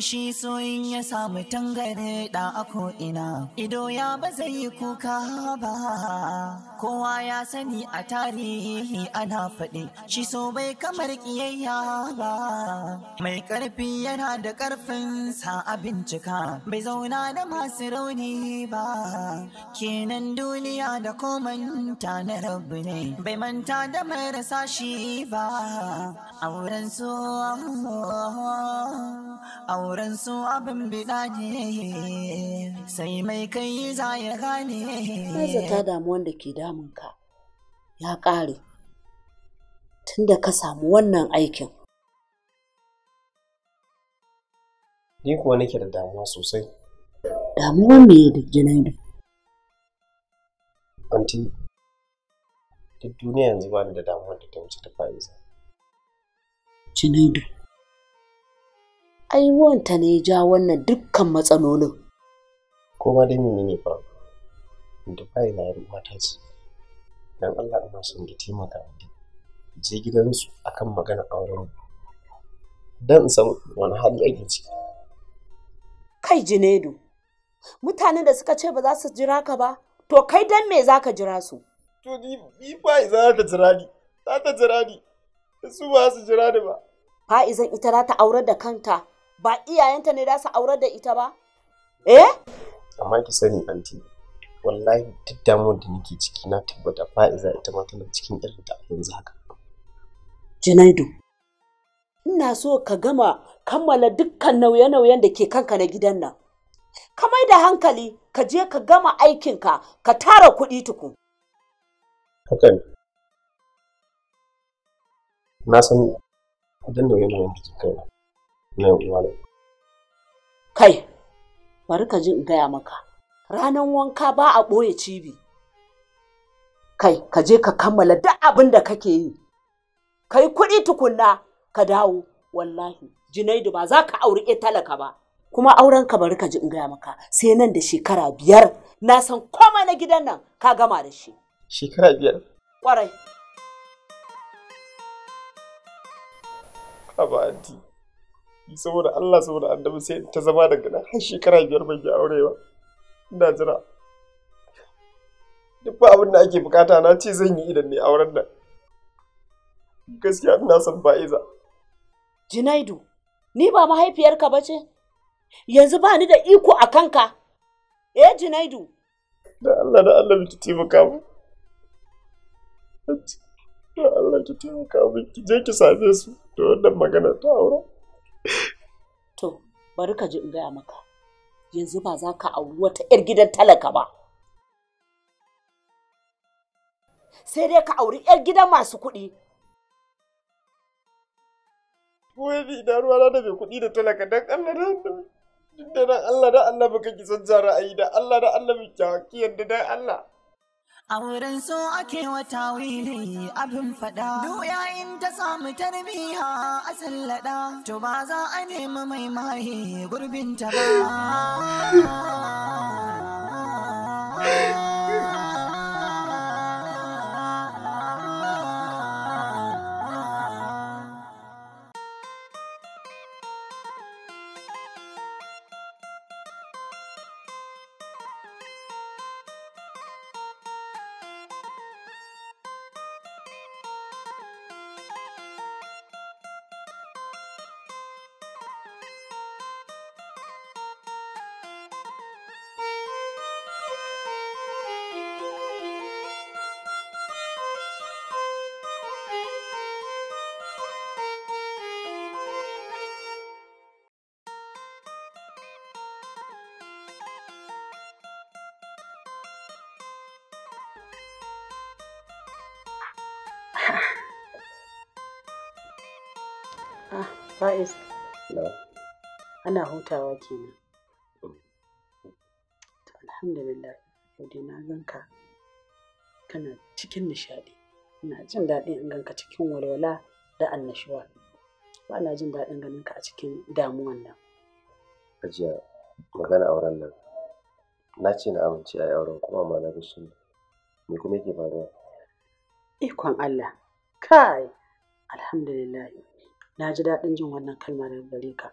shi soyin ya samu tangare da ako ina ido ya ba zai yi kuka ba kowa ya sani a tarihi ana faɗi shi so bai kamar ƙiyayya ba mai ƙarfi yana da ƙarfin sa a bincika bai zauna da masu rauni ba kenan duniya da komanta na rabu ne bai manta da marasa shi ba auren su auren su abin bida ne sai mai kai za ya gane ta damuwan da ke da damunka ya ƙare tunda ka samu wannan aikin ni kuwa nake da damuwa sosai damuwa me da janairu anti duk duniya yanzu ba da damuwa da ta wuce ta fa'iza janairu aiwanta ne ja wannan dukkan matsalolin ko ma dai ne fa da fa'iza ruwa yi ce dan Allah ina son ki taimaka min je gidansu akan magana auren dan san wani hali ake ciki kai Junaidu mutanen da suka ce ba za su jira ka ba to kai dan me za ka jira su to ni fa'iza za ta jira ni za ta jira ni su ba su jira ni ba fa'izan ita za ta aurar da kanta ba iyayenta ne za su aurar da ita ba eh amma ki sani anti wallahi duk damuwar da nake ciki na tabbata fa'iza ita ma tana cikin irin ta yanzu haka Junaidu ina so ka gama kammala dukkan nauye-nauyen da ke kanka na gidan nan ka mai da hankali ka je ka gama aikinka ka tara kuɗi tuku hakan na san idan da nauyen ke kai na yan uwa kai bari ka ji in gaya maka ranan wanka ba a ɓoye cibi kai ka je ka kammala duk abin da kake yi kai kuɗi tukunna ka dawo wallahi junaidu ba za ka auri e talaka ba kuma auren ka bari ka ji in gaya maka sai nan da shekara biyar na san koma na gidan nan ka gama da shi shekara biyar kwarai haba anti saboda Allah saboda annabi sai ta zama daga nan shekara biyar ban yi aurewa. ba ina jira duk ba abin da ake bukata na ce zan yi idan ne auren nan gaskiya ina son fa'iza Junaidu ni ba mahaifiyarka ba ce yanzu ba ni da iko a kanka eh Junaidu da Allah da Allah ki taimaka mu da Allah ki taimaka mu ki je ki same su da wannan magana ta aure to bari ka ji in gaya maka yanzu ba za ka auri wata 'yar gidan talaka ba sai dai ka auri 'yar gidan masu kuɗi wani da ruwa da mai kuɗi da talaka don allah da allah da allah baka ki san ra'ayi da allah da allah baki yadda don allah A wurin su ake wata wili abin fada. Duk yayin ta samu tarbiya a sallada, to ba za a nemi mai mahi gurbinta ba. Faiz. Ana hutawa kenan. Alhamdulillah, yau dai na ganka kana cikin nishaɗi. Ina jin daɗin in ganka cikin walwala da annashuwa. Ba na jin daɗin ganin ka a cikin damuwan nan. Ajiya magana auren nan. Na ce na amince a auren kuma ma na rushe. Me kuma yake faruwa? Ikon Allah. Kai, alhamdulillah. na ji daɗin jin wannan kalma daga gare ka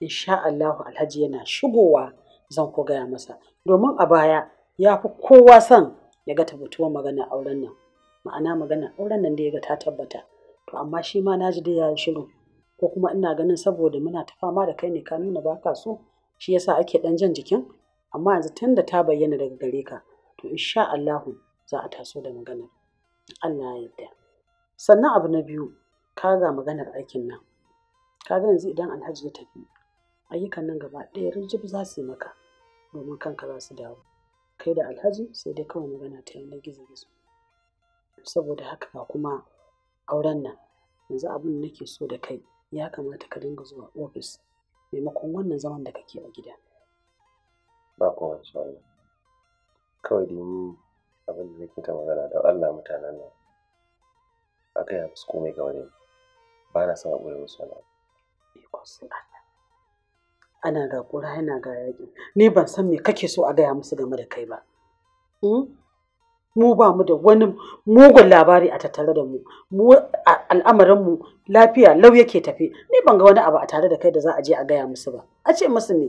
insha Allahu alhaji yana shigowa zan ko gaya masa domin a baya ya fi kowa son ya ga tabbatuwar magana auren nan ma'ana magana auren nan da ya ga ta tabbata to amma shi ma na ji da ya yi shiru ko kuma ina ganin saboda muna ta fama da kai ne ka nuna ba ka so shi yasa ake ɗan jan jikin amma yanzu tun da ta bayyana daga gare ka to insha Allahu za a taso da magana Allah ya yarda sannan abu na biyu ka ga maganar aikin nan kaga yanzu idan alhaji ya tafi ayyukan nan gaba ɗaya rijib za su yi maka domin kanka za su dawo kai da alhaji sai dai kawai magana ta yanar gizo gizo saboda haka ba kuma auren nan yanzu abin da nake so da kai ya kamata ka dinga zuwa ofis maimakon wannan zaman da kake a gida ba kuma insha kawai dai ni abin da nake ta magana don Allah mutanen nan a kai musu komai ga wani ba na son a ɓoye musu wani abu Ana ga yana ga yaƙi. Ni ban san me kake so a gaya musu game da kai ba. Hmm? Mu ba mu da wani mugun labari a tattare da mu. Mu al'amarinmu lafiya lau yake tafi. Ni ban ga wani abu a tare da kai da za a je a gaya musu ba. A ce musu me?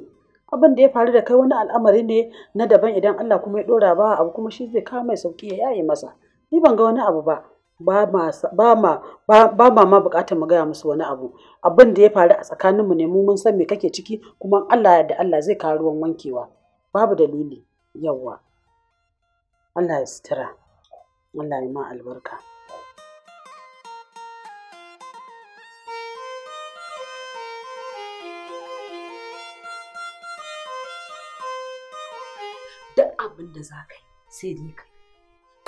Abin da ya faru da kai wani al'amari ne na daban idan Allah kuma ya ɗora ba abu kuma shi zai kawo mai sauki ya yaye masa. Ni ban ga wani abu ba. ba ma ma bukatar mu gaya musu wani abu abin da ya faru a tsakaninmu ne mu mun san me kake ciki kuma Allah da Allah zai kawo ruwan wankewa babu dalili yawa Allah ya sutura Allah ma albarka duk abin da za ka yi sai dai ka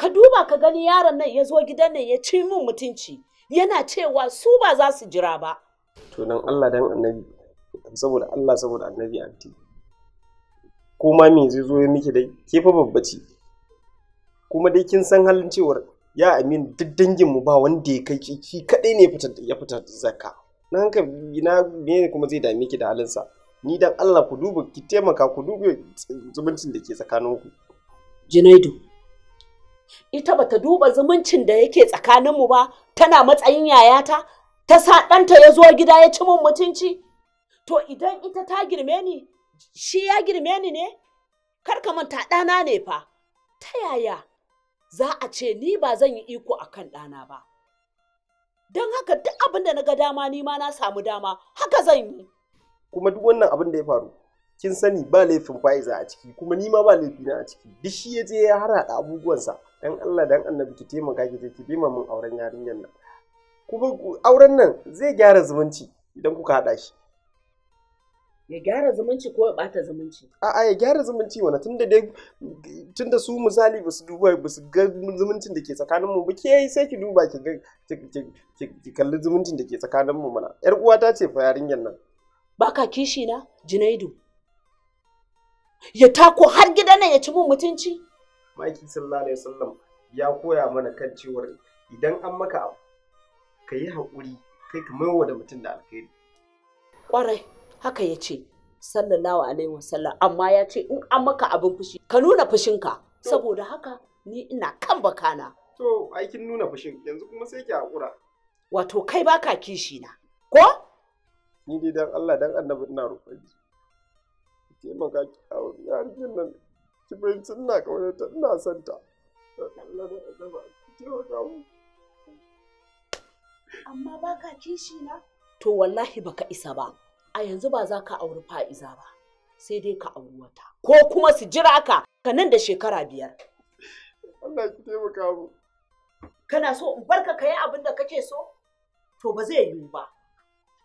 ka duba ka gani yaron nan ya zo gidan nan ya ci min mutunci yana cewa su ba za su jira ba to Allah dan annabi saboda Allah saboda annabi anti ko ma me zai zo ya miki dai ke fa babbaci kuma dai kin san halin cewar ya amin duk dangin mu ba wanda ya kai ki kadai ne ya fita zakka nan ka ina me kuma zai dame ki da sa ni dan Allah ku duba ki taimaka ku duba zumuncin da ke tsakaninku Junaidu ita bata duba zumuncin da yake tsakaninmu ba tana matsayin yayata ta sa ɗanta ya zo gida ya ci mun mutunci to idan ita ta girme ni shi ya girme ni ne kar ka manta ɗana ne fa ta yaya za a ce ni ba zan yi iko a kan ɗana ba don haka duk abin da na ga dama ni ma na samu dama haka zan yi kuma duk wannan abin da ya faru kin sani ba laifin fa'iza a ciki kuma ni ma ba laifina a ciki duk shi ya je ya harhaɗa abubuwansa dan Allah dan annabi ki taimaka ki ki bi mun auren yarinyar nan kuma auren nan zai gyara zumunci idan kuka haɗa shi ya gyara zumunci ko ya bata zumunci a'a ya gyara zumunci wani tunda dai tunda su misali ba su duba ba su ga zumuncin da ke tsakanin mu ba ke sai ki duba ki ga ki kalli zumuncin da ke tsakanin mu mana yar uwata ce fa yarinyar nan baka kishi na Junaidu ya tako har gidan nan ya ci mun mutunci maki sallallahu alaihi wasallam ya koya mana kan cewar idan an maka abu ka yi haƙuri kai ka maiwa da mutum da alkhairi ƙwarai haka ya ce sallallahu alaihi wasallam amma ya ce in an maka abin fushi ka nuna fushinka saboda haka ni ina kan bakana to aikin nuna fushin yanzu kuma sai ki haƙura wato kai baka kishi na ko ni dai dan Allah dan annabi ina roƙon ki taimaka ki a nan ina amma ba ka kishi na to wallahi baka isa ba a yanzu ba za ka auri fa'iza ba sai dai ka auri wata ko kuma su jira ka ka nan da shekara biyar Allah ki taimaka mu kana so in barka ka yi abin da kake so to ba zai yiwu ba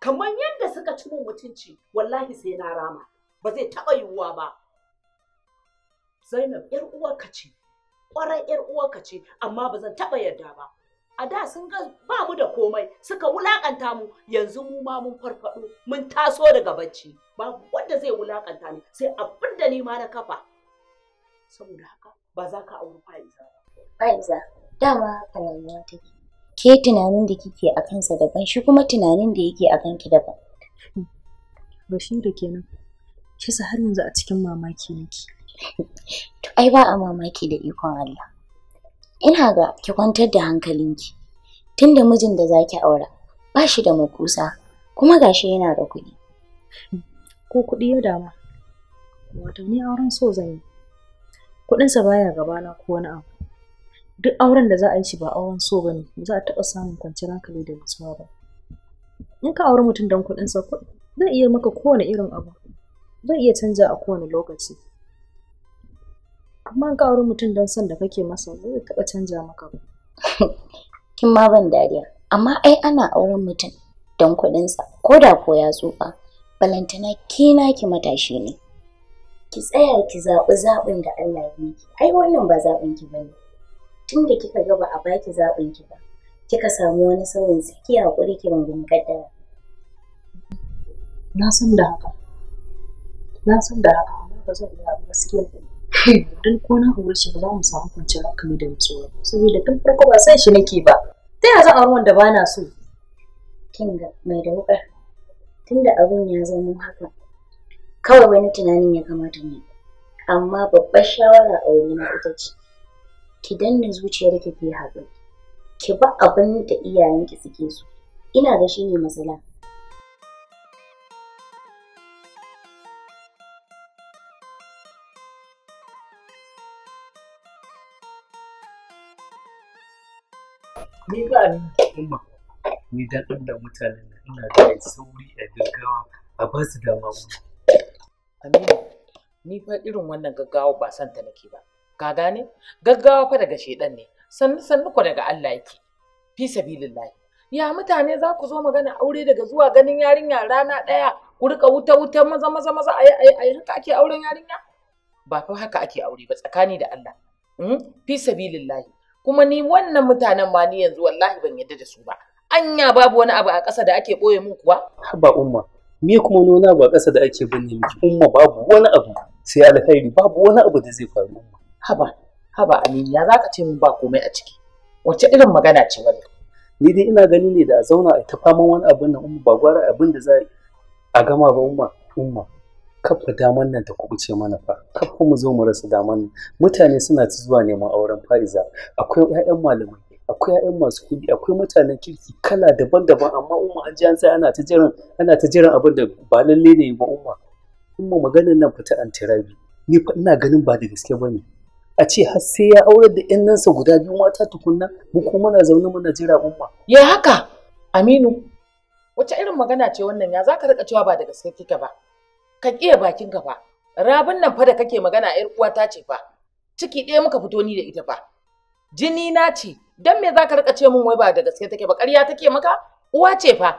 kamar yadda suka ci mun mutunci wallahi sai na rama ba zai taɓa yiwuwa ba Zainab yar uwarka ce. Kwarai yar uwarka ce amma ba zan taba yarda ba. A da sun ga ba mu da komai suka wulakanta mu yanzu mu ma mun farfado mun taso daga bacci ba wanda zai wulakanta ni sai abin da ni ma na kafa. Saboda haka ba za ka auri Faiza ba. Faiza dama tunaniya take. Ke tunanin da kike a kansa daban shi kuma tunanin da yake a kanki daban. Bashiru kenan. Kisa har yanzu a cikin mamaki nake. ai ba a mamaki da ikon Allah. Ina ga ki kwantar da hankalinki, tunda mijin da za ki aura ba shi da makusa kuma gashi yana da kuɗi. Ko kuɗi ya dama, wato ni auren so zan yi. Kuɗinsa baya gabana ko wani abu. Duk auren da za a yi shi ba auren so ba ne, za a taɓa samun kwanciyar hankali da nutsuwa ba. In ka auri mutum don kuɗinsa zai iya maka kowane irin abu, zai iya canja a kowane lokaci. amma ka auri mutum don son da kake masa ba zai taɓa canja maka ba kin ma ban dariya amma ai ana auren mutum don kuɗinsa ko da ko ya tsufa balantana ke naki matashi ne ki tsaya ki zaɓi zaɓin da Allah ya miki ai wannan ba zaɓin ki bane tun da kika ga ba a baki zaɓin ki ba kika samu wani sauyin a hakuri ki rungumi kaddara na san da haka na san da haka amma ba zan iya gaskiya kai don ko na aure shi ba za mu samu kwanciyar hankali da nutsuwa saboda tun farko ba san shi nake ba ta yaya zan wanda ba na so Kinga, mai da wuƙa tunda abin ya zama haka kawai wani tunanin ya kamata mu amma babbar shawara a wurina ita ce ki danna zuciyar ki ki haɗu. ki ba abin da iyayenki suke so ina ga shi ne matsala al'umma ni dan da mutanen na, ina da sauri a gaggawa a ba su dama mu Aminu ni fa irin wannan gaggawa ba san ta nake ba ka gane gaggawa fa daga shedan ne sannu sannu ku daga Allah yake fi sabilillah ya mutane za ku zo magana aure daga zuwa ganin yarinya rana ɗaya ku rika wuta wuta maza maza maza ayi ayi ayi haka ake auren yarinya ba fa haka ake aure ba tsakani da Allah hmm? fi sabilillahi kuma ni wannan mutanen ma ni yanzu wallahi ban yadda da su ba anya babu wani abu a ƙasa da ake ɓoye mun kuwa haba umma me kuma ni wani abu a ƙasa da ake binne miki umma babu wani abu sai alkhairi babu wani abu da zai faru haba haba Aminiya. ya zaka ce min ba komai a ciki wace irin magana ce wani ni dai ina gani ne da a zauna a ta faman wani abin nan umma ba gwara abin da za a gama ba umma umma kafa daman nan ta kubuce mana fa kafa mu zo mu rasa daman nan mutane suna ci zuwa neman auren fa'iza akwai ƴaƴan malamai akwai ƴaƴan masu kuɗi akwai mutanen kirki kala daban-daban amma umma an ji an sai ana ta jiran ana ta jiran abin da ba lalle ne ba umma umma maganar nan fita an tirabi ni fa ina ganin ba da gaske bane a ce har sai ya aurar da ƴan nansa guda biyu mata tukunna mu kuma muna zaune muna jira umma ya haka aminu wace irin magana ce wannan ya zaka rika cewa ba da gaske kike ba ka kiya bakin ka fa rabin nan fa da kake magana yar ta ce fa ciki ɗaya muka fito ni da ita fa jini na ce dan me zaka rika ce min wai ba da gaske take ba ƙarya take maka uwa ce fa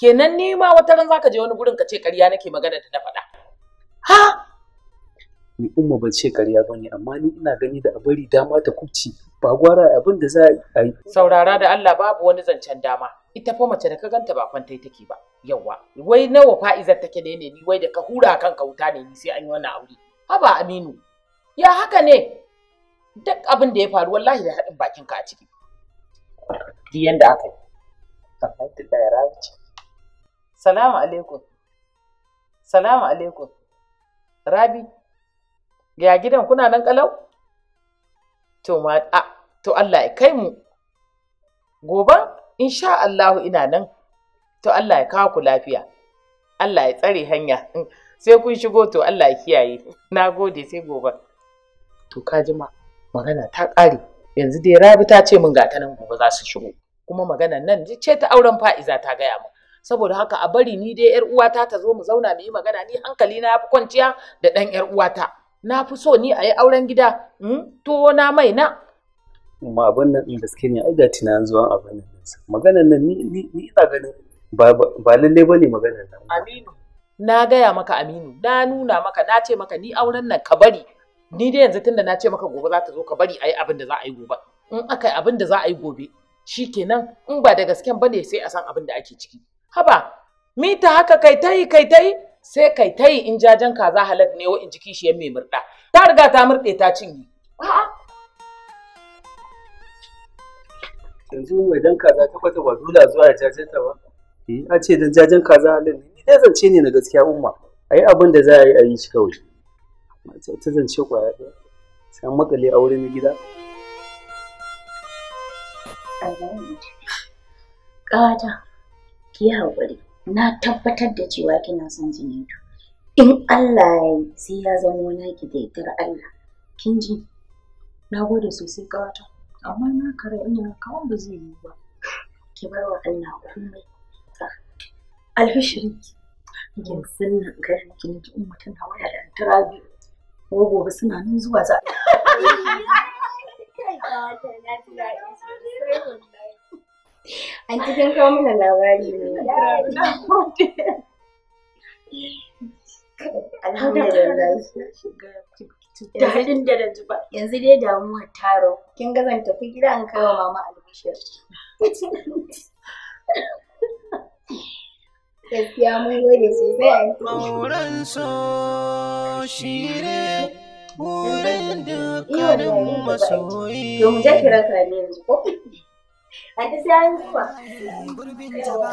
kenan ni ma wata ran zaka je wani gurin ka ce ƙarya nake magana da na faɗa ha ni umma ban ce ƙarya bane amma ni ina gani da abari dama ta kubci ba gwara abin da za a yi saurara da Allah babu wani zancen dama ita fa mace da ka ganta ba kwantai take ba yawa wai nawa fa'izar take ne ni wai da ka hura kan kauta ne ni sai an yi wannan aure haba aminu ya haka ne duk abin da ya faru wallahi da haɗin bakin ka a ciki duk yanda aka yi tabbata da ya rabice salamu alaikum salamu alaikum rabi ya gidan kuna nan kalau to ma a to Allah ya kai mu gobe insha Allahu ina nan to Allah ya kawo ku lafiya Allah ya tsare hanya sai kun shigo to Allah ya kiyaye na gode sai gobe to ka jima magana ta ƙare yanzu dai rabi ta ce min ta nan gobe za su shigo kuma magana nan ce ta auren fa'iza ta gaya mu saboda haka a bari ni dai yar uwata ta zo mu zauna mu yi magana ni hankali na fi kwanciya da ɗan yar uwata na fi so ni a yi auren gida hmm? To na mai na ma abin nan da suke ne ai ga tunanin zuwan abin nan maganar nan ni ina ganin ba lalle ba ne maganar nan aminu na gaya maka aminu na nuna maka na ce maka ni auren nan ka bari ni dai yanzu tunda na ce maka gobe za ta zo ka bari ayi abin da za a yi gobe in aka yi abin da za a yi gobe shi in ba da gasken ba ne sai a san abin da ake ciki haba ta haka kai ta kai tai sai kai tai in jajen kaza halak ne wa in shi yan mai murda. ta riga ta murde ta cinye a'a yanzu mai dan kaza ta kwata ba dole zuwa ya cace ta ba eh. a ce dan jajen kaza halin ni dai zance ne na gaskiya umma a yi abin da za a yi a yi shi kawai ta zance kwaya ɗaya sai makale a wurin gida ƙawata ki yi haƙuri na tabbatar da cewa kina son Junaidu in Allah ya yi sai ya zamo naki da yardar Allah kin ji na gode sosai ƙawata amma na kare ina kawon ba zai yi ba ki bar wa Allah komai alfishirin ki nan ga ne ki umma waya da antarabi ko gobe suna nan zuwa za An cikin kawo mana labari ne. Alhamdulillah. daɗin da ba yanzu dai damuwar taro kin ga zan tafi gida an kai mama albishir gaskiya mun gode sosai mauran so shire burin dukkanin masoyi domin jakira ka ne yanzu ko a ta sai an zuwa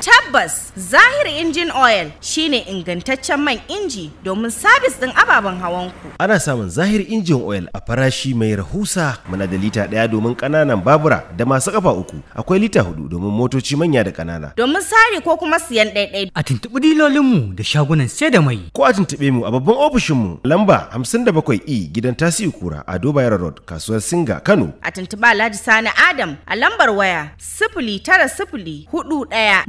Tabbas Zahir Injin Oil shine ingantaccen man inji domin sabis ɗin ababen hawanku. Ana samun Zahir Injin Oil a farashi mai rahusa muna da lita ɗaya domin ƙananan babura da masu ƙafa uku akwai lita hudu domin motoci manya da ƙanana. Domin sari ko kuma siyan ɗaiɗai. A tuntuɓi dilolinmu da shagunan sai da mai. Ko a tuntuɓe mu a babban ofishinmu lamba hamsin 57 E gidan tasi Kura a Yara Road kasuwar Singa Kano. A tuntuɓa Alhaji Sani Adam a lambar waya sifili tara sifili hudu ɗaya